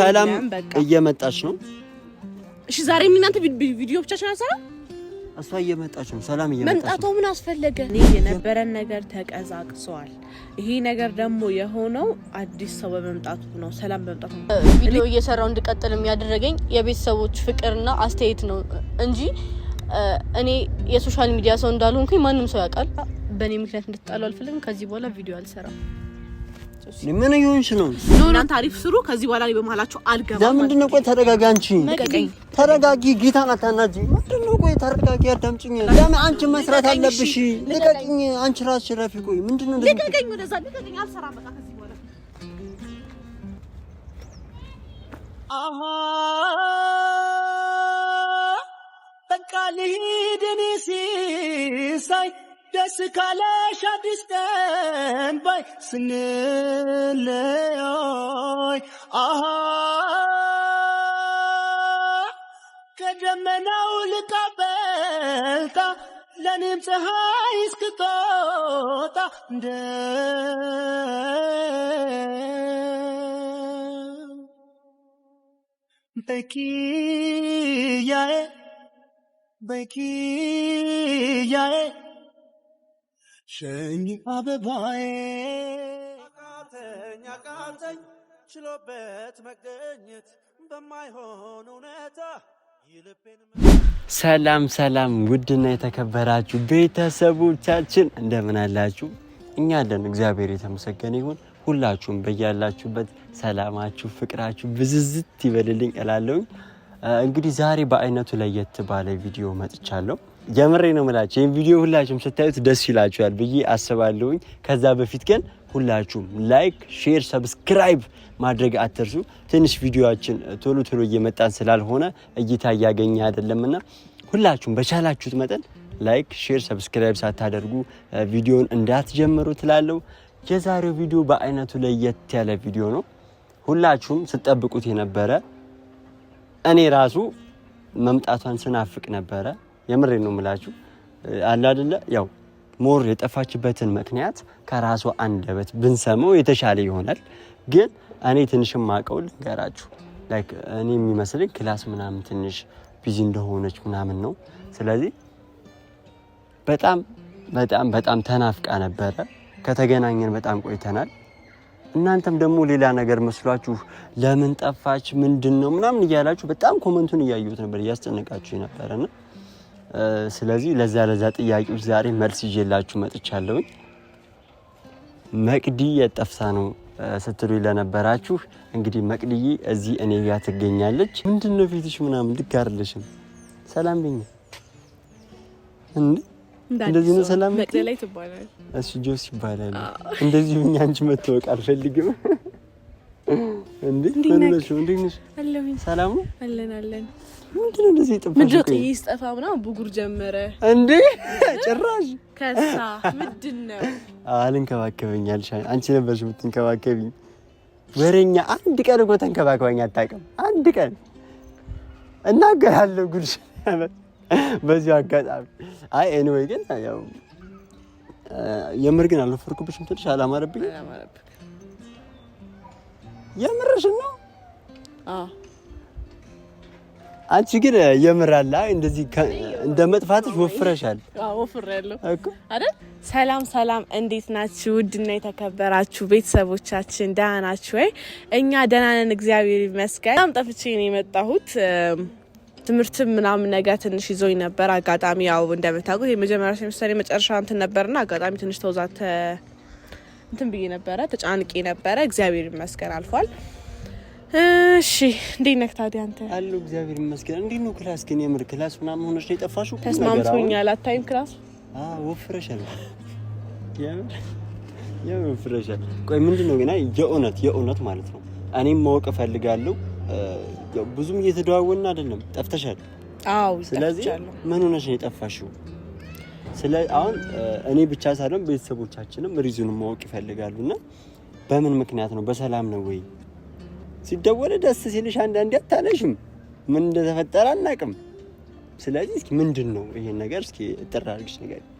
ሰላም እየመጣች ነው። እሺ ዛሬ እናንተ ቪዲዮ ብቻችን አልሰራም። እሷ እየመጣች ነው። ሰላም መምጣቷ ምን አስፈለገ? የነበረን ነገር ተቀዛቅዟል። ይሄ ነገር ደግሞ የሆነው አዲስ ሰው በመምጣቱ ነው። ሰላም በመምጣቱ ቪዲዮ እየሰራው እንድቀጥል ያደረገኝ የቤተሰቦች ፍቅርና አስተያየት ነው እንጂ እኔ የሶሻል ሚዲያ ሰው እንዳልሆንኩኝ ማንም ሰው ያውቃል። በእኔ ምክንያት እንድትጣሉ አልፈልግም። ከዚህ በኋላ ቪዲዮ አልሰራም። ምን እየሆንሽ ነው? የሆነ ታሪፍ ስሩ። ከዚህ በኋላ በመሀላችሁ አልገባም። ለምንድን ነው? ቆይ ተረጋጊ፣ አንቺ ተረጋጊ። ጌታን አታናጂ። ምንድን ነው? ቆይ ተረጋጊ፣ አዳምጪኝ። ለምን አንቺ መስራት አለብሽ? ልቀቅኝ፣ አንቺ ራስሽ ረፊ። ቆይ ምንድን ነው? ልቀቅኝ፣ ወደዛ ልቀቅኝ። አልሰራም በቃ ከዚህ በኋላ አሃ በቃ ልሂድ እኔ ሲሳይ ደስ ካለሽ አዲስ ቀን ባይ ስንለያይ አሃ ከደመናው ልቃ በልጣ ለእኔም ፀሐይ እስክትወጣ እንደ በኪያዬ በኪያዬ ሸኝ አበባዬ አቃተኝ አቃተኝ ችሎበት መገኘት በማይሆን እውነታ ሰላም ሰላም፣ ውድና የተከበራችሁ ቤተሰቦቻችን እንደምን አላችሁ? እኛ አለን፣ እግዚአብሔር የተመሰገነ ይሁን። ሁላችሁም በያላችሁበት ሰላማችሁ፣ ፍቅራችሁ ብዝዝት ይበልልኝ እላለሁኝ። እንግዲህ ዛሬ በአይነቱ ለየት ባለ ቪዲዮ መጥቻለሁ። ጀምሬ ነው የምላችሁ። ይህን ቪዲዮ ሁላችሁም ስታዩት ደስ ይላችኋል ብዬ አስባለሁኝ። ከዛ በፊት ግን ሁላችሁም ላይክ፣ ሼር፣ ሰብስክራይብ ማድረግ አትርሱ። ትንሽ ቪዲዮችን ቶሎ ቶሎ እየመጣን ስላልሆነ እይታ እያገኘ አይደለምና ሁላችሁም በቻላችሁት መጠን ላይክ፣ ሼር፣ ሰብስክራይብ ሳታደርጉ ቪዲዮን እንዳትጀምሩ ትላለው። የዛሬው ቪዲዮ በአይነቱ ለየት ያለ ቪዲዮ ነው። ሁላችሁም ስጠብቁት የነበረ እኔ ራሱ መምጣቷን ስናፍቅ ነበረ የምሬ ነው ምላችሁ አለ አደለ ያው ሞር የጠፋችበትን ምክንያት ከራሷ አንደበት ብንሰማው የተሻለ ይሆናል። ግን እኔ ትንሽ ማቀው ልንገራችሁ። ላይክ እኔ የሚመስለኝ ክላስ ምናምን ትንሽ ቢዚ እንደሆነች ምናምን ነው። ስለዚህ በጣም በጣም በጣም ተናፍቃ ነበረ። ከተገናኘን በጣም ቆይተናል። እናንተም ደግሞ ሌላ ነገር መስሏችሁ ለምን ጠፋች ምንድን ነው ምናምን እያላችሁ በጣም ኮመንቱን እያዩት ነበር፣ እያስጨነቃችሁ ነበረና ስለዚህ ለዛ ለዛ ጥያቄዎች ዛሬ መልስ ይዤላችሁ መጥቻለሁኝ። መቅዲዬ የጠፍሳ ነው ስትሉ ለነበራችሁ እንግዲህ መቅድዬ እዚህ እኔ ጋር ትገኛለች። ምንድን ነው ፊትሽ ምናምን ልክ ሰላም ብኝ እንደዚህ ነው ሰላም። እሱ ጆስ ይባላል። እንደዚህ ብኛ አንቺ መታወቅ አልፈልግም ሰላም ነው አለን አለን። ምንድነው እንደዚህ ጥፋ ምንድነው ጥዬ ስጠፋ ምናምን ብጉር ጀመረ እንዴ? ጭራሽ ከሳ ምንድነው አልንከባከበኛል። አንቺ ነበርሽ የምትንከባከቢኝ ወሬኛ። አንድ ቀን እኮ ተንከባከባኝ አታውቅም። አንድ ቀን እናገራለሁ ጉድ በዚሁ አጋጣሚ። አይ ኤኒዌይ ግን ያው የምር ግን አልወፈርኩብሽም ትንሽ አላማረብኝም የምርሽን ነው? አንቺ ግን የምር አለ እንደዚህ እንደ መጥፋትሽ ወፍረሻል። ሰላም ሰላም፣ እንዴት ናችሁ? ውድና የተከበራችሁ ቤተሰቦቻችን ደህና ናችሁ ወይ? እኛ ደህና ነን፣ እግዚአብሔር ይመስገን። በጣም ጠፍቼ ነው የመጣሁት። ትምህርት ምናምን ነገር ትንሽ ይዞኝ ነበር። አጋጣሚ ያው እንደምታውቁት የመጀመሪያ ሴሚስተር የመጨረሻ እንትን ነበርና አጋጣሚ ትንሽ ተውዛተ እንትን ብዬ ነበረ፣ ተጫንቄ ነበረ። እግዚአብሔር ይመስገን አልፏል። እሺ እንዴት ነህ ታዲያ አንተ? አለሁ እግዚአብሔር ይመስገን። እንዴት ነው ክላስ ግን? የምር ክላስ ምናምን ሆነሽ ነው የጠፋሽው? ተስማምቶኛል። አታይም ክላስ ወፍረሻል። የምር ወፍረሻል። ቆይ ምንድን ነው ግን? የእውነት የእውነት ማለት ነው እኔም ማወቅ እፈልጋለሁ። ብዙም እየተደዋወልን አይደለም። ጠፍተሻል። አዎ። ስለዚህ ምን ሆነሽ ነው የጠፋሽው? ስለ አሁን እኔ ብቻ ሳይሆን ቤተሰቦቻችንም ሪዙንም ማወቅ ይፈልጋሉ። እና በምን ምክንያት ነው? በሰላም ነው ወይ? ሲደወለ ደስ ሲልሽ አንዳንዴ አታነሽም። ምን እንደተፈጠረ አናቅም። ስለዚህ እስኪ ምንድን ነው ይሄን ነገር እስኪ እጥር አድርግሽ ንገሪኝ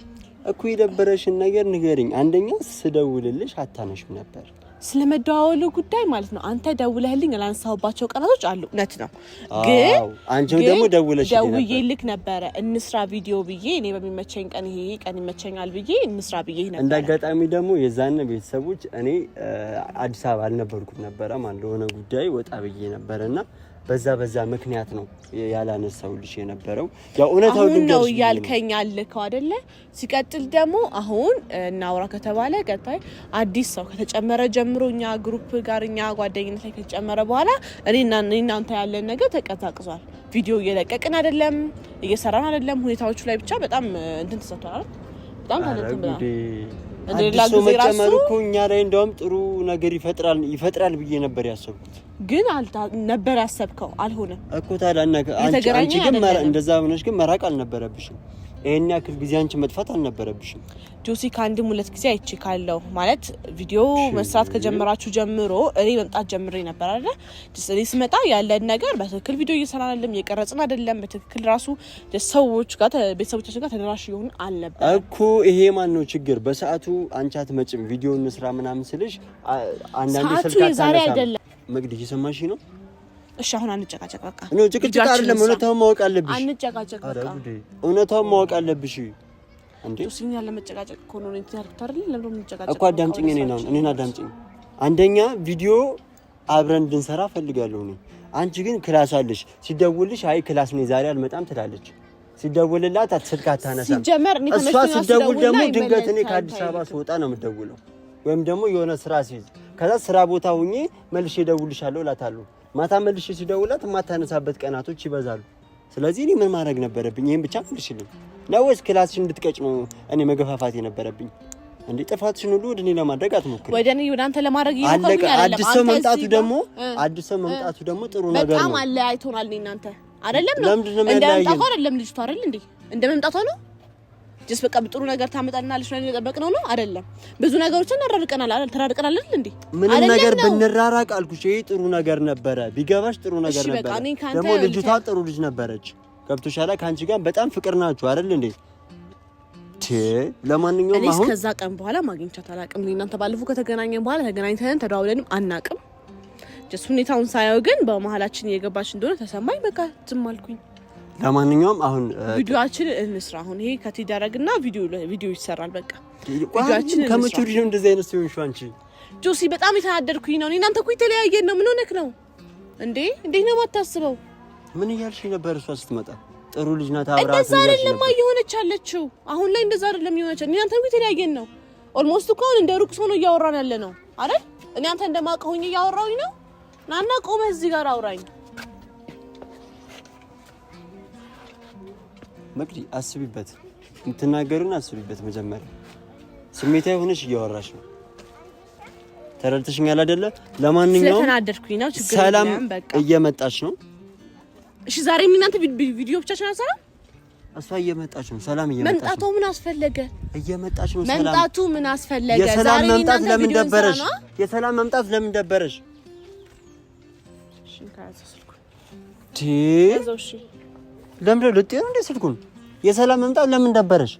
እኮ የደበረሽን ነገር ንገሪኝ። አንደኛ ስደውልልሽ አታነሽም ነበር ስለመደዋወሉ ጉዳይ ማለት ነው። አንተ ደውለህልኝ ላነሳሁባቸው ቀናቶች አሉ፣ እውነት ነው። ግን አንቺም ደግሞ ደውለሽ ልክ ነበረ እንስራ ቪዲዮ ብዬ እኔ በሚመቸኝ ቀን ይሄ ቀን ይመቸኛል ብዬ እንስራ ብዬ ነበረ። እንደ አጋጣሚ ደግሞ የዛን ቤተሰቦች እኔ አዲስ አበባ አልነበርኩም ነበረ ማለት ለሆነ ጉዳይ ወጣ ብዬ ነበረ እና በዛ በዛ ምክንያት ነው ያላነሳው ያላነሳሁልሽ የነበረው። ያው እውነታው ነው እያልከኝ ያልከው አይደለ? ሲቀጥል ደግሞ አሁን እናውራ ከተባለ ቀጣይ አዲስ ሰው ከተጨመረ ጀምሮ እኛ ግሩፕ ጋር እኛ ጓደኝነት ላይ ከተጨመረ በኋላ እኔና እናንተ ያለን ነገር ተቀዛቅዟል። ቪዲዮ እየለቀቅን አይደለም፣ እየሰራን አይደለም። ሁኔታዎቹ ላይ ብቻ በጣም እንትን ተሰጥቷል። በጣም ታነትን ብላ እንደሌላ ጊዜ ራሱ እኛ ላይ እንደውም ጥሩ ነገር ይፈጥራል ይፈጥራል ብዬ ነበር ያሰብኩት ግን ነበር ያሰብከው አልሆነም እኮ ታዲያ። አንቺ ግን እንደዛ ሆነሽ ግን መራቅ አልነበረብሽም። ይህን ያክል ጊዜ አንቺ መጥፋት አልነበረብሽም። ጆሲ ከአንድም ሁለት ጊዜ አይቼ ካለው ማለት ቪዲዮ መስራት ከጀመራችሁ ጀምሮ እኔ መምጣት ጀምሬ ነበር አለ። እኔ ስመጣ ያለን ነገር በትክክል ቪዲዮ እየሰራ አይደለም፣ እየቀረጽን አይደለም። በትክክል ራሱ ሰዎች ጋር ቤተሰቦቻችን ጋር ተደራሽ የሆኑ አልነበረ እኮ። ይሄ ማን ነው ችግር? በሰዓቱ አንቺ አትመጭም ቪዲዮ እንስራ ምናምን ስልሽ አንዳንዴ ስልክ የዛሬ መቅድ እየሰማሽ ነው? እሺ አሁን አንጨቃጨቅ፣ በቃ እኔ ጭቅጭቅ አይደለም፣ እውነታውን ማወቅ አለብሽ። አንጨቃጨቅ፣ በቃ እውነታውን ማወቅ አለብሽ። እንዴ ሲኛ ለመጨቃጨቅ እኮ ነው እንትን ያልኩት አይደል? ለምን እንጨቃጨቅ እኮ አዳምጪኝ፣ እኔ ነው እኔን አዳምጪኝ። አንደኛ ቪዲዮ አብረን እንድንሰራ ፈልጋለሁ እኔ። አንቺ ግን ክላስ አለሽ፣ ሲደውልሽ አይ ክላስ ነኝ ዛሬ አልመጣም ትላለች። ሲደውልላት ስልክ አታነሳም። እሷ ሲደውል ደግሞ ድንገት እኔ ከአዲስ አበባ ስወጣ ነው የምደውለው፣ ወይም ደግሞ የሆነ ስራ ሲይዝ ከዛ ስራ ቦታ ሁኜ መልሼ እደውልሻለሁ እላታለሁ። ማታ መልሼ ሲደውላት የማታነሳበት ቀናቶች ይበዛሉ። ስለዚህ እኔ ምን ማድረግ ነበረብኝ? ይህን ብቻ መልሽልኝ ነው ወይስ ክላስሽን እንድትቀጭ ነው እኔ መገፋፋት የነበረብኝ? እንዴ ጥፋትሽን ሁሉ ወደ እኔ ለማድረግ አትሞክሪ። ወደ እኔ ወደ አንተ ለማድረግ ይሞክሪ። አዲስ ሰው መምጣቱ ደግሞ አዲስ ሰው መምጣቱ ደግሞ ጥሩ ነገር ነው። በጣም አለያይቶናል። እኔ እናንተ አይደለም ነው እንደ መምጣቷ አይደለም ልጅቷ አይደል እንዴ እንደ መምጣቷ ነው ጀስ በቃ ጥሩ ነገር ታመጣልናለች ነው የጠበቅነው ነው ነው አይደለም። ብዙ ነገሮችን እናራርቀናል አይደል? ተራርቀናል አይደል? እንዴ ምንም ነገር ብንራራቅ አልኩሽ፣ ይሄ ጥሩ ነገር ነበረ። ቢገባሽ ጥሩ ነገር ነበረ። ደግሞ ልጅቷ ጥሩ ልጅ ነበረች። ገብቶሻል። ከአንቺ ጋር በጣም ፍቅር ናችሁ አይደል? እንዴ ለማንኛውም አሁን ከዛ ቀን በኋላ ማግኘቻት አላውቅም። እናንተ ባለፈው ከተገናኘን በኋላ ተገናኝተን ተደዋውለንም አናውቅም። ጀስ ሁኔታውን ሳየው ግን በመሀላችን እየገባች እንደሆነ ተሰማኝ። በቃ ዝም አልኩኝ። ለማንኛውም አሁን ቪዲዮችን እንስራ። አሁን ይሄ ከት ይደረግና ቪዲዮ ይሰራል። በቃ ቪዲዮችን ከመቼ ወዲህ ነው እንደዚህ አይነት ሲሆን? ሹንቺ ጆሲ፣ በጣም የተናደድኩኝ ነው። እናንተ እኮ የተለያየን ነው። ምን ሆነክ ነው እንዴ? እንዴት ነው የማታስበው? ምን እያልሽ ነበር? እሷ ስትመጣ ጥሩ ልጅ ናት። አብራ እንደዛ አይደለም እየሆነች አለችው። አሁን ላይ እንደዛ አይደለም እየሆነች። እናንተ እኮ የተለያየን ነው። ኦልሞስት እኮ አሁን እንደ ሩቅ ሰው ነው እያወራን ያለ ነው አይደል? እኔ አንተ እንደማቀሁኝ እያወራሁኝ ነው። ናና ቆመ እዚህ ጋር አውራኝ መቅዲ አስቢበት፣ የምትናገሩን አስቢበት። መጀመሪያ ስሜታዊ ሆነሽ እያወራሽ ነው። ተረድተሽኛል አይደለ? ለማንኛውም ስለተናደድኩኝ ነው። ችግር ሰላም እየመጣች ነው። እሺ ዛሬ እናንተ ቪዲዮ ብቻችን አልሰራም። እሷ እየመጣች ነው። ሰላም እየመጣች ነው። መምጣቱ ምን አስፈለገ? እየመጣች ነው። ሰላም መምጣቱ ምን አስፈለገ? የሰላም መምጣት ለምን ደበረሽ? የሰላም መምጣት ለምን ደበረሽ? እሺ ለምን ነው እንዴ? ስልኩን የሰላም መምጣት ለምን ደበረሽ?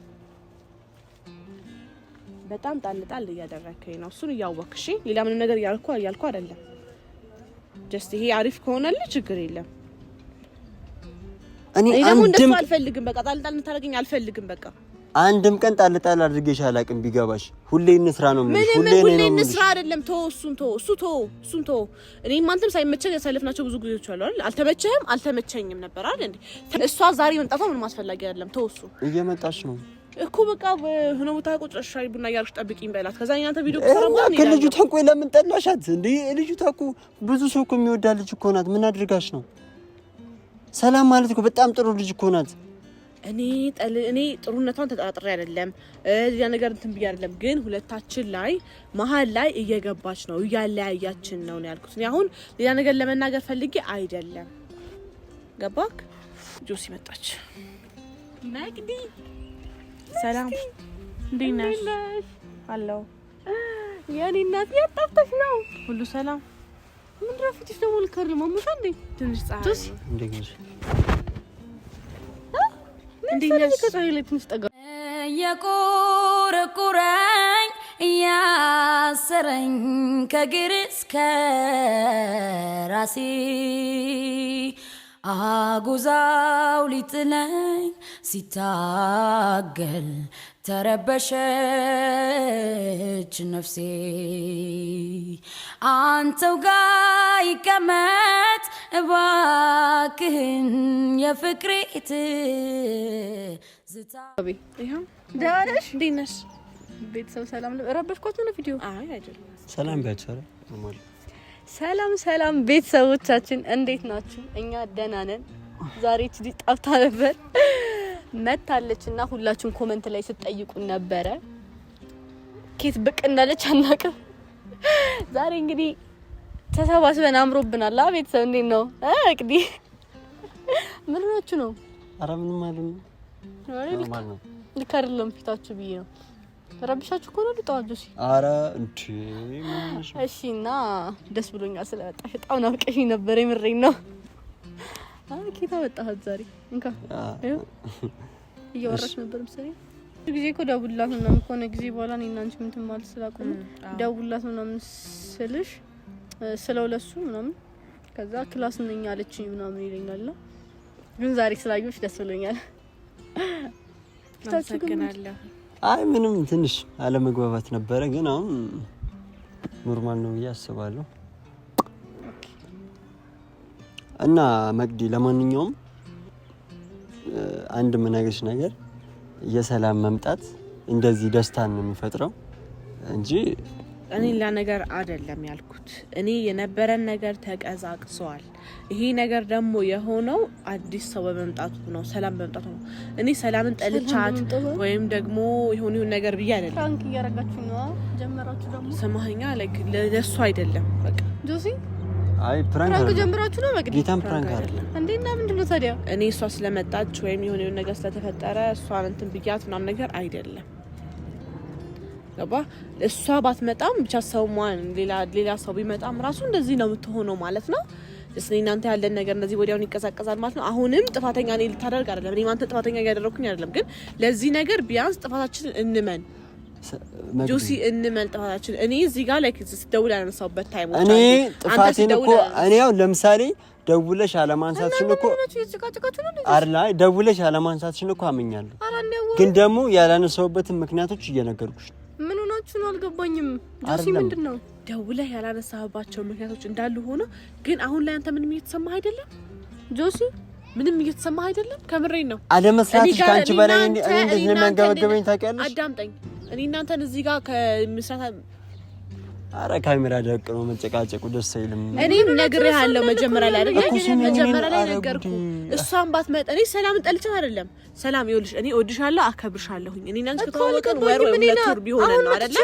በጣም ጣል ጣል እያደረከኝ ነው። እሱን እያወቅሽ ሌላ ምንም ነገር እያልኩ እያልኩ አይደለም። ጀስት ይሄ አሪፍ ከሆነልህ ችግር የለም። እኔ ደግሞ አልፈልግም። በቃ ጣል ጣል እንታደርገኝ አልፈልግም። በቃ አንድም ቀን ጣል ጣል አድርጌሽ አላውቅም። ቢገባሽ ሁሌ እንስራ ነው የምልሽ። ሁሌ ነው ሁሌ እንስራ አይደለም። ተወው፣ እሱን ተወው፣ እሱ ተወው፣ እሱን ተወው። እኔም አንተም ሳይመቸን ያሳለፍናቸው ብዙ ጊዜዎች አሉ አይደል? አልተመቸህም? አልተመቸኝም ነበር አይደል እንዴ? እሷ ዛሬ መምጣቷ ምንም አስፈላጊ አይደለም። ተወው፣ እሱ እየመጣች ነው እኮ በቃ ሆነ ቦታ ቁጭ ሻይ ቡና እያደረግሽ ጠብቂኝ በላት። ከዛ እናንተ ቪዲዮ ከሰራማ ነው ልጅቷ። ቆይ ለምን ጠላሻት እንዴ? ልጅቷ እኮ ብዙ ሰው እኮ የሚወዳ ልጅ እኮ ናት። ምን አድርጋሽ ነው? ሰላም ማለት እኮ በጣም ጥሩ ልጅ እኮ ናት። እኔ እኔ ጥሩነቷን ተጠራጥሬ አይደለም ያ ነገር እንትን ብዬ አይደለም፣ ግን ሁለታችን ላይ መሀል ላይ እየገባች ነው እያለያያችን ነው ነው ያልኩት። እኔ አሁን ሌላ ነገር ለመናገር ፈልጌ አይደለም። ገባክ? ጆሲ መጣች። መቅዲ ሰላም፣ እንዴት ነሽ? አለው የኔ እናት ያጣፍተሽ ነው። ሁሉ ሰላም። ምንድን ነው ፊትሽ ደግሞ ልከር ማሙሻ እንዴ ትንሽ ፀሐይ የቁርቁረኝ እያሰረኝ ከግር እስከ ራሴ አጉዛው ሊጥለኝ ሲታገል ተረበሸች ነፍሴ አንተው ጋ ይቀመጥ እባክህን የፍቅሬ ትዝታ ደህና ነሽ? እንዴት ነሽ? ቤተሰብ ሰላም ነው። ነው ቪዲዮ። ሰላም ሰላም ሰላም ቤተሰቦቻችን እንዴት ናችሁ? እኛ ደህና ነን። ዛሬ እቺ ጠፍታ ነበር መታለች እና ሁላችሁም ኮመንት ላይ ስትጠይቁን ነበረ ኬት ብቅ እንዳለች አናውቅም። ዛሬ እንግዲህ ተሰባስበን አምሮብናል። ቤተሰብ እንዴት ነው? እቅዲ ምን ሆናችሁ ነው? አረ ምንም አይደለም። ልክ አይደለም ፊታችሁ ብዬ ነው። ረብሻችሁ እኮ ነው ልጠዋጆ ሲ አረ እንዴ እሺ። እና ደስ ብሎኛል ስለመጣሽ። በጣም ናፍቀሽ ነበር። የምሬን ነው። ኬታ መጣህ ዛሬ? እንካ እያወራሽ ነበር መሰለኝ ጊዜ እኮ ደውልላት ምናምን ከሆነ ጊዜ በኋላ እኔ እና አንቺ ምንትን ማለት ስላቆምን ደውልላት ምናምን ስልሽ ስለው ለሱ ምናምን ከዛ ክላስ ነኝ አለችኝ ምናምን ይለኛል። ግን ዛሬ ስላየሁሽ ደስ ብሎኛል። አይ ምንም ትንሽ አለመግባባት ነበረ፣ ግን አሁን ኖርማል ነው ብዬ አስባለሁ። እና መቅዲ ለማንኛውም አንድ ምነግርሽ ነገር የሰላም መምጣት እንደዚህ ደስታን ነው የሚፈጥረው እንጂ እኔ ነገር አይደለም ያልኩት። እኔ የነበረን ነገር ተቀዛቅዟል። ይሄ ነገር ደግሞ የሆነው አዲስ ሰው በመምጣቱ ነው፣ ሰላም በመምጣቱ ነው። እኔ ሰላምን ጠልቻት ወይም ደግሞ የሆነ ይሁን ነገር ብዬ አይደለም። ፍራንክ እያረጋችሁ ነው ጀመራችሁ። ደግሞ ሰማኸኛ፣ ላይክ ለሱ አይደለም በቃ ጆሲ አይ ፕራንክ ጀምራችሁ ነው መቅዲ ጌታም ፕራንክ አይደለም እንዴና ምንድን ነው ታዲያ? እኔ እሷ ስለመጣች ወይም የሆነ ነገር ስለተፈጠረ እሷን እንትን ብያት ምናምን ነገር አይደለም ገባ እሷ ባትመጣም ብቻ ሰው ሌላ ሰው ቢመጣም ራሱ እንደዚህ ነው የምትሆነው ማለት ነው። ስ እናንተ ያለን ነገር እንደዚህ ወዲያውን ይቀሳቀሳል ማለት ነው። አሁንም ጥፋተኛ እኔ ልታደርግ አይደለም፣ እኔም አንተ ጥፋተኛ እያደረግኩኝ አይደለም። ግን ለዚህ ነገር ቢያንስ ጥፋታችን እንመን ጆሲ እንመን ጥፋታችን። እኔ እዚህ ጋር ላይ ስደውል ያነሳውበት ታይም እኔ ጥፋቴን እኮ እኔ ያው ለምሳሌ ደውለሽ አለማንሳትሽን እኮ አላ ደውለሽ አለማንሳትሽን እኮ አመኛለሁ። ግን ደግሞ ያላነሳውበትን ምክንያቶች እየነገርኩሽ ነው ምክንያታችሁ ነው አልገባኝም። ጆሲ ምንድን ነው ደውለህ ያላነሳህባቸው ምክንያቶች እንዳሉ ሆነ፣ ግን አሁን ላይ አንተ ምንም እየተሰማህ አይደለም ጆሲ ምንም እየተሰማህ አይደለም። ከምሬን ነው። አለመስራትሽ ከአንቺ በላይ እንዴት ነው የሚያንገበገበኝ ታውቂያለሽ? አዳምጠኝ። እኔ እናንተን እዚህ ጋር ከምስራት አረ ካሜራ ደቅ ነው መጨቃጨቁ፣ ደስ አይልም። እኔም ነግሬሃለሁ መጀመሪያ ላይ አይደል? መጀመሪያ ላይ ነገርኩ። እሷን ባትመጣ እኔ ሰላምን ጠልቻት አይደለም። ሰላም ይኸውልሽ፣ እኔ እወድሻለሁ፣ አከብርሻለሁኝ። እኔ እና አንቺ ከተዋወቅን ወር ወይም ሁለት ወር ቢሆን ነው አይደል?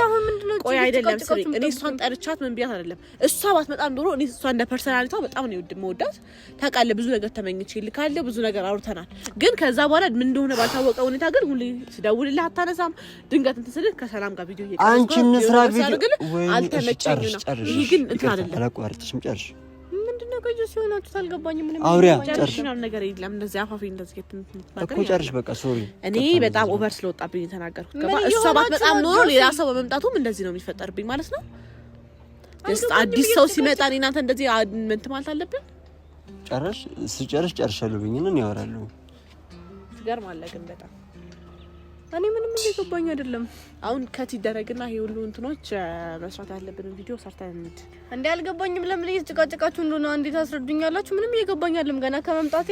ቆይ አይደለም፣ ስሪ እኔ እሷን ጠርቻት ምን ቢያት አይደለም። እሷ ባትመጣም ዶሮ እኔ እሷ እንደ ፐርሰናሊቷ በጣም ነው የወድ መወዳት ታውቃለህ። ብዙ ነገር ተመኝቼ ልካለሁ፣ ብዙ ነገር አውርተናል። ግን ከዛ በኋላ ምን እንደሆነ ባልታወቀ ሁኔታ ግን ሁሌ ስደውልልህ አታነሳም። ድንገት እንትን ስልህ ከሰላም ጋር ቪዲዮ ይቀርጻል አንቺ እንስራ ቪዲዮ አላቋርጥሽም። ጨርሽ አልገባኝም። አውሪያ ነገር የለም። እንደዚህ አፋፊ እንደዚህ እኮ ጨርሽ። በቃ ሶሪ፣ እኔ በጣም ኦቨር ስለወጣብኝ የተናገርኩት ገባ። እሷ ኖሮ ሌላ ሰው በመምጣቱም እንደዚህ ነው የሚፈጠርብኝ ማለት ነው። አዲስ ሰው ሲመጣ እኔ እናንተ እንደዚህ ማለት አለብን። ስጨርሽ ጨርሻለሁ ብኝንን ያወራለሁ። ትገርማለህ ግን በጣም እኔ ምንም እየገባኝ አይደለም። አሁን ከት ይደረግና ይሄ ሁሉ እንትኖች መስራት ያለብንን ቪዲዮ ሰርተን እንሂድ። እንዴ አልገባኝም። ለምን እየተጨቃጨቃችሁ እንደሆነ እንዴት አስረዱኛላችሁ? ምንም እየገባኝ አይደለም። ገና ከመምጣቴ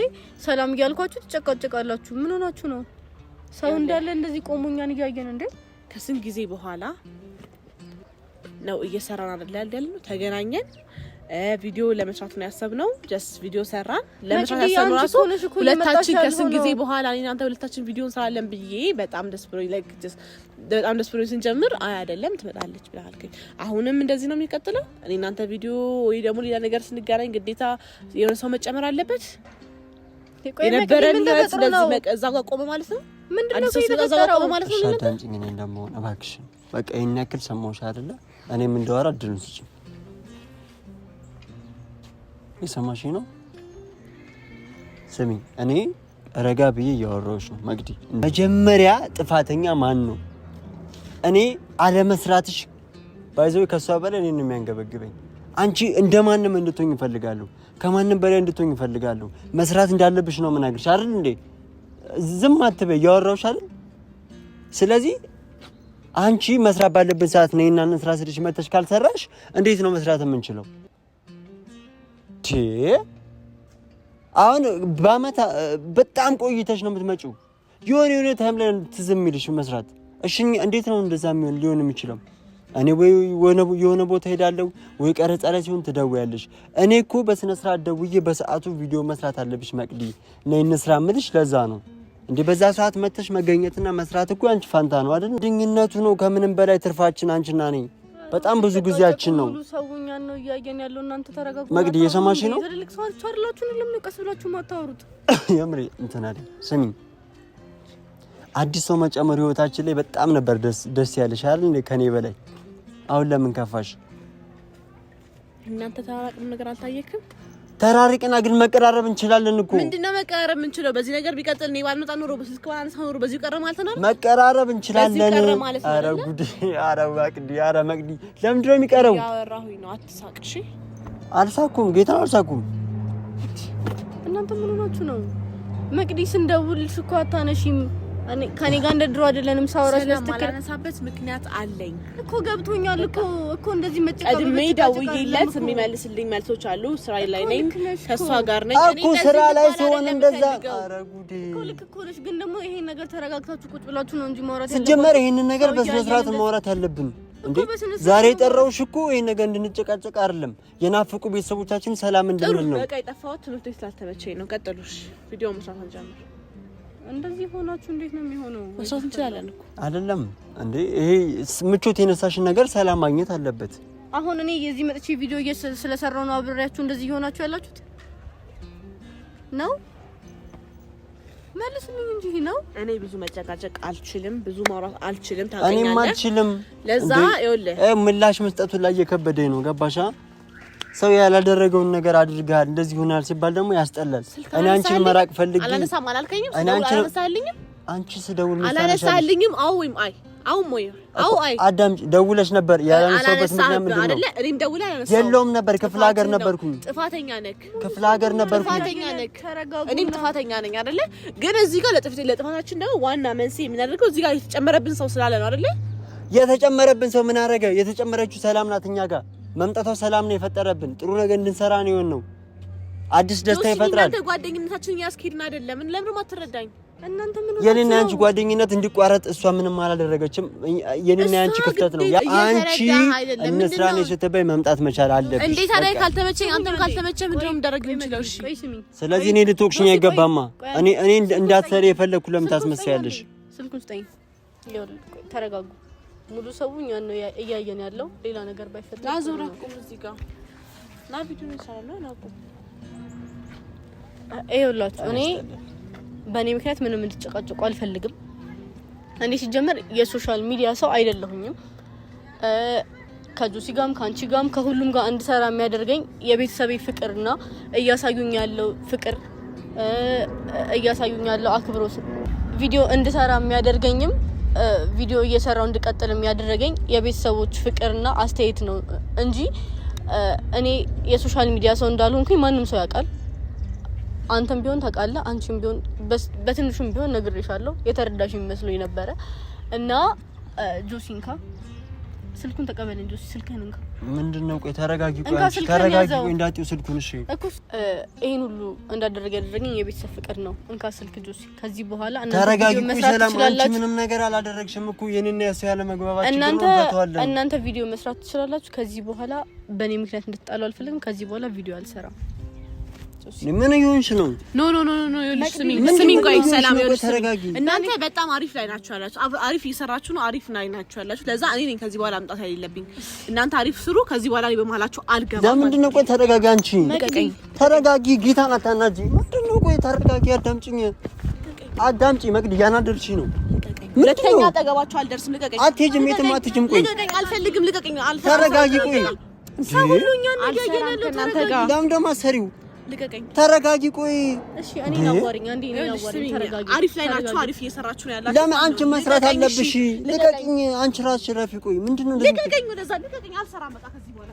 ሰላም እያልኳችሁ ትጨቃጨቃላችሁ። ምን ሆናችሁ ነው? ሰው እንዳለ እንደዚህ ቆሞኛን እያየን እንዴ ከስንት ጊዜ በኋላ ነው እየሰራን አይደል ያለ ተገናኘን ቪዲዮ ለመስራት ነው ያሰብነው። ጀስት ቪዲዮ ሰራን። ለመስራት ያሰብነው ራሱ ሁለታችን ከስንት ጊዜ በኋላ እኔ አንተ ሁለታችን ቪዲዮ እንሰራለን ብዬ በጣም ደስ ብሎ ላይክ ጀስት በጣም ደስ ብሎ ስንጀምር አይ አይደለም ትመጣለች ብለሃል። ግን አሁንም እንደዚህ ነው የሚቀጥለው? እኔ እናንተ ቪዲዮ ወይ ደግሞ ሌላ ነገር ስንገናኝ ግዴታ የሆነ ሰው መጨመር አለበት። የነበረን ስለዚህ እዛ ጋር ቆመ ማለት ነው። ምንድነው እዛ ቆመ ማለት ነው። እባክሽን በቃ ይሄን ያክል ሰማሁሽ አይደለ? እኔም እንደዋራ ድል ነው የሰማሽ ነው? ስሚ፣ እኔ ረጋ ብዬ እያወራሁሽ ነው መግዲ። መጀመሪያ ጥፋተኛ ማን ነው? እኔ አለመስራትሽ ባይዘው ከእሷ በላይ እኔን የሚያንገበግበኝ። አንቺ እንደ ማንም እንድትሆኝ ይፈልጋሉ። ከማንም በላይ እንድትሆኝ ይፈልጋሉ። መስራት እንዳለብሽ ነው የምናግርሽ አይደል እንዴ? ዝም አትበይ፣ እያወራሁሽ አይደል? ስለዚህ አንቺ መስራት ባለብን ሰዓት ነይና እንስራ ስልሽ መተሽ ካልሰራሽ እንዴት ነው መስራት የምንችለው? አሁን በአመት በጣም ቆይተሽ ነው የምትመጪው። የሆነ የሆነ ታይም ላይ ትዝ የሚልሽ መስራት። እሺ እንዴት ነው እንደዛ የሚሆን ሊሆን የሚችለው? እኔ ወይ የሆነ ቦታ ሄዳለሁ ወይ ቀረጻ ላይ ሲሆን ትደውያለሽ። እኔ እኮ በስነ ስርዓት ደውዬ በሰዓቱ ቪዲዮ መስራት አለብሽ መቅዲ፣ ነይ እንስራ የምልሽ ለዛ ነው እንዴ። በዛ ሰዓት መተሽ መገኘትና መስራት እኮ አንቺ ፋንታ ነው አይደል? ድኝነቱ ነው ከምንም በላይ ትርፋችን አንቺና እኔ በጣም ብዙ ጊዜያችን ነው። ሰውኛን ነው እያየን ያለው። እናንተ ተረጋጉ። መግድ እየሰማሽ ነው። ትልልቅ ሰው አላችሁን? ለምን ቀስ ብላችሁ ማታወሩት? የምሬ እንትን አይደል። ስሚ፣ አዲስ ሰው መጨመር ህይወታችን ላይ በጣም ነበር ደስ ደስ ያለሽ አይደል? ከኔ በላይ አሁን ለምን ከፋሽ? እናንተ ታራቅ ነገር አልታየክም ተራርቅና ግን መቀራረብ እንችላለን እኮ። ምንድነው መቀራረብ እንችለው? በዚህ ነገር ቢቀጥል ነው ባልመጣ ኖሮ በስልክ ባላነሳ ኖሮ በዚህ ቀረ ማለት ነው። መቀራረብ እንችላለን። አረ ጉዲ! አረ ባቅዲ! አረ መቅዲ! ለምንድን ነው የሚቀረው? ያወራሁኝ ነው። አትሳቅ። እሺ፣ አልሳኩም። ጌታ አልሳኩም። እናንተ ምን ሆናችሁ ነው? መቅዲ ስንደውል ስልኩ አታነሺም። ከኔ ጋር እንደ ድሮ አይደለንም። ሳወራሽ ስለማላነሳበት ምክንያት አለኝ እኮ ገብቶኛል እኮ እኮ እንደዚህ መጨቃጨቅ እድሜ ደውዬለት የሚመልስልኝ መልሶች አሉ። ስራ ላይ ነኝ፣ ከሷ ጋር ነኝ እኮ ስራ ላይ ሲሆን እንደዛ። ኧረ ጉዴ እኮ ልክ እኮ ነሽ። ግን ደግሞ ይሄን ነገር ተረጋግታችሁ ቁጭ ብላችሁ ነው እንጂ ማውራት ሲጀመር ይሄንን ነገር በስነ ስርዓት ማውራት አለብን። እንዴ ዛሬ የጠራሁሽ እኮ ይሄ ነገር እንድንጨቃጨቅ አይደለም፣ የናፍቁ ቤተሰቦቻችን ሰላም እንድንል ነው። በቃ የጠፋሁት ትምህርት ቤት ስላልተመቸኝ ነው። ቀጥሉሽ ቪዲዮ መስራት አንጀምር እንደዚህ ሆናችሁ እንዴት ነው የሚሆነው? መስራት እንችላለን እኮ አይደለም እንዴ? ይሄ ምቾት የነሳሽን ነገር ሰላም ማግኘት አለበት። አሁን እኔ የዚህ መጥቼ ቪዲዮ ስለሰራው ነው አብሬያችሁ እንደዚህ ሆናችሁ ያላችሁት ነው። መልስልኝ እንጂ ነው። እኔ ብዙ መጨቃጨቅ አልችልም፣ ብዙ ማውራት አልችልም። ታገኛለህ? እኔም አልችልም። ለዛ ይኸውልህ ምላሽ መስጠቱ ላይ እየከበደኝ ነው። ገባሻ? ሰው ያላደረገውን ነገር አድርገሃል፣ እንደዚህ ሆናል ሲባል ደግሞ ያስጠላል። እኔ አንቺን መራቅ ፈልጌ አላነሳም አላልከኝም? አንቺ ስደውል አላነሳልኝም። አዎ ወይም አይ አሁን ሞይ አው አይ አዳምጪ። ደውለሽ ነበር ያላነሳሁበት ምክንያት ምንድን ነው? አይደለ እኔም ደውላ ያላነሳሁት የለውም ነበር። ክፍለ ሀገር ነበርኩኝ። ጥፋተኛ ነክ ክፍለ ሀገር ነበርኩኝ። ጥፋተኛ ነክ እኔም ጥፋተኛ ነኝ አይደለ? ግን እዚህ ጋር ለጥፍት ለጥፋታችን ደግሞ ዋና መንስኤ የምናደርገው እዚህ ጋር የተጨመረብን ሰው ስላለ ነው አይደለ? የተጨመረብን ሰው ምን አደረገ? የተጨመረችው ሰላም ናት እኛ ጋር መምጣቷ ሰላም ነው የፈጠረብን። ጥሩ ነገር እንድንሰራ ነው የሆነው። አዲስ ደስታ ይፈጥራል። ጓደኝነታችን ያስኬድን አይደለም። ለምን አትረዳኝ? የኔና ያንቺ ጓደኝነት እንዲቋረጥ እሷ ምንም አላደረገችም። የኔና ያንቺ ክፍተት ነው። አንቺ እንስራ ነው መምጣት መቻል አለብሽ። እንዴት አዳይ ካልተመቸኝ፣ አንተም ካልተመቸ ምንድነው እንዳደረግ የምችለው? እሺ፣ ስለዚህ እኔ ልትወቅሽኝ አይገባማ። እኔ እኔ እንዳትሰሪ የፈለግኩ ለምን ታስመስያለሽ? ስልኩን ስጠኝ። ተረጋጉ ሙሉ ሰው እኛን ነው እያየን ያለው። ሌላ ነገር ባይፈጠር ናዞር አቁም። እዚህ ጋር ና ቢቱን ይሰራሉ አቁም። ይኸውላችሁ እኔ በእኔ ምክንያት ምንም እንድጨቃጨቁ አልፈልግም። እኔ ሲጀመር የሶሻል ሚዲያ ሰው አይደለሁኝም። ከጆሲ ጋም ከአንቺ ጋም ከሁሉም ጋር እንድሰራ የሚያደርገኝ የቤተሰቤ ፍቅርና እያሳዩኝ ያለው ፍቅር እያሳዩኝ ያለው አክብሮት ቪዲዮ እንድሰራ የሚያደርገኝም ቪዲዮ እየሰራው እንድቀጥል የሚያደረገኝ የቤተሰቦች ፍቅርና አስተያየት ነው እንጂ እኔ የሶሻል ሚዲያ ሰው እንዳልሆንኩኝ ማንም ሰው ያውቃል። አንተም ቢሆን ታውቃለህ፣ አንቺም ቢሆን በትንሹም ቢሆን ነግሬሻለሁ። የተረዳሽ የሚመስለው ነበረ እና ጆሲንካ ስልኩን ተቀበልን። ጆሲ ስልክህን እንካ ምንድን ነው? ቆይ ተረጋጊ፣ ተረጋጊ፣ እንዳትዪው ስልኩን። እሺ ይሄን ሁሉ እንዳደረገ ያደረገኝ የቤተሰብ ፍቅር ነው። እንካ ስልክ ጆሲ፣ ከዚህ በኋላ ተረጋጊ። ቆይ ሰላም፣ አንቺ ምንም ነገር አላደረግሽም እኮ የኔና ያሱ ያለ መግባባት እናንተ ቪዲዮ መስራት ትችላላችሁ። ከዚህ በኋላ በእኔ ምክንያት እንድትጣሉ አልፈልግም። ከዚህ በኋላ ቪዲዮ አልሰራም። ምን ይሁንሽ ነው? ኖ ኖ ኖ ኖ ይኸውልሽ፣ ስሚኝ ስሚኝ፣ ቆይ ሰላም። ይኸውልሽ እናንተ በጣም አሪፍ ላይ ናችሁ አላችሁ። አሪፍ እየሰራችሁ ነው፣ አሪፍ ላይ ናችሁ አላችሁ። ለዛ እኔ ነኝ ከዚህ በኋላ አምጣት የሌለብኝ። እናንተ አሪፍ ስሩ፣ ከዚህ በኋላ እኔ በመሀላችሁ አልገባም። ለምንድን ነው? ቆይ ተረጋጊ፣ አንቺ ተረጋጊ። ጌታን አታናጂ። ምንድን ነው? ቆይ ተረጋጊ፣ አዳምጪኝ፣ አዳምጪ። መቅድ እያናደርሽ ነው። ሁለተኛ አጠገባችሁ አልደርስም። ልቀቀኝ፣ አትሄጂም፣ የትም አትሄጂም። ቆይ ልቀቀኝ፣ አልፈልግም፣ ልቀቀኝ፣ አልፈልግም። ተረጋጊ። ቆይ ሰው ሁሉ እኛን እያየን ያለው ተረጋጊ። ለምን ሰሪው ልቀቀኝ። ተረጋጊ። ቆይ እሺ፣ እኔ ናዋሪኝ አሪፍ ላይ ናችሁ፣ አሪፍ እየሰራችሁ ነው ያላችሁ። ለምን አንቺ መስራት አለብሽ? ልቀቅኝ። አንቺ ራስሽ ረፊ። ቆይ ምንድን ነው? ልቀቀኝ፣ ወደዛ ልቀቀኝ። አልሰራም በቃ ከዚህ በኋላ